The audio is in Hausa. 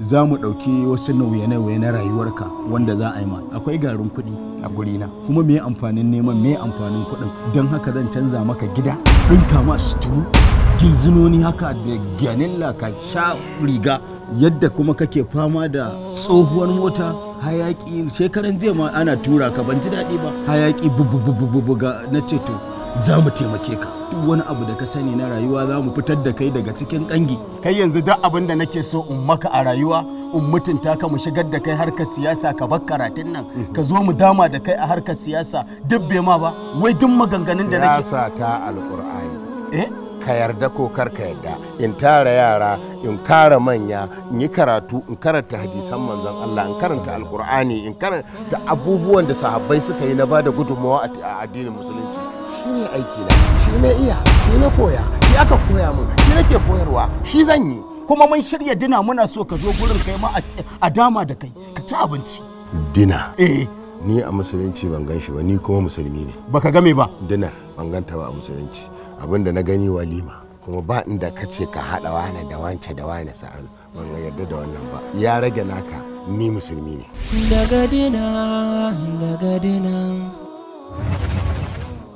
za mu ɗauki wasu nauye-nauye na rayuwarka wanda za a yi ma akwai garin kuɗi a gurina kuma me amfanin neman me amfanin kuɗin don haka zan canza maka gida ɗinka kama suturu gizinoni haka da gyanilla ka sha riga yadda kuma kake fama da tsohuwar mota hayaki shekaran jiya ma ana tura ka ban ji daɗi ba hayaki ga na ceto za mu taimake ka duk wani abu da ka sani na rayuwa za mu fitar da kai daga cikin ƙangi. kai yanzu duk abin da nake so in maka a rayuwa in mutunta ka mu shigar da kai harkar siyasa ka bar karatun nan mm-hmm. ka zo mu dama da kai a harkar siyasa duk bai ma ba wai duk maganganun da nake siyasa ta alqur'ani eh ka yarda ko kar ka yarda in tara yara in kara manya in yi karatu in karanta hadisan manzon Allah in karanta alqur'ani in karanta abubuwan da sahabbai suka yi na bada gudummawa a addinin musulunci shi ne aiki na shi ne iya shi ne koya shi aka koya mun shi nake koyarwa shi zan yi kuma mun shirya dina muna so ka zo gurin kai ma a dama da kai ka ci abinci dina eh ni a musulunci ban gan shi ba ni kuma musulmi ne baka game ba dina ban ganta ba a musulunci abinda na gani walima kuma ba inda ka ka haɗa wane da wance da wane sa'an ban yarda da wannan ba ya rage naka ni musulmi ne daga dina daga dina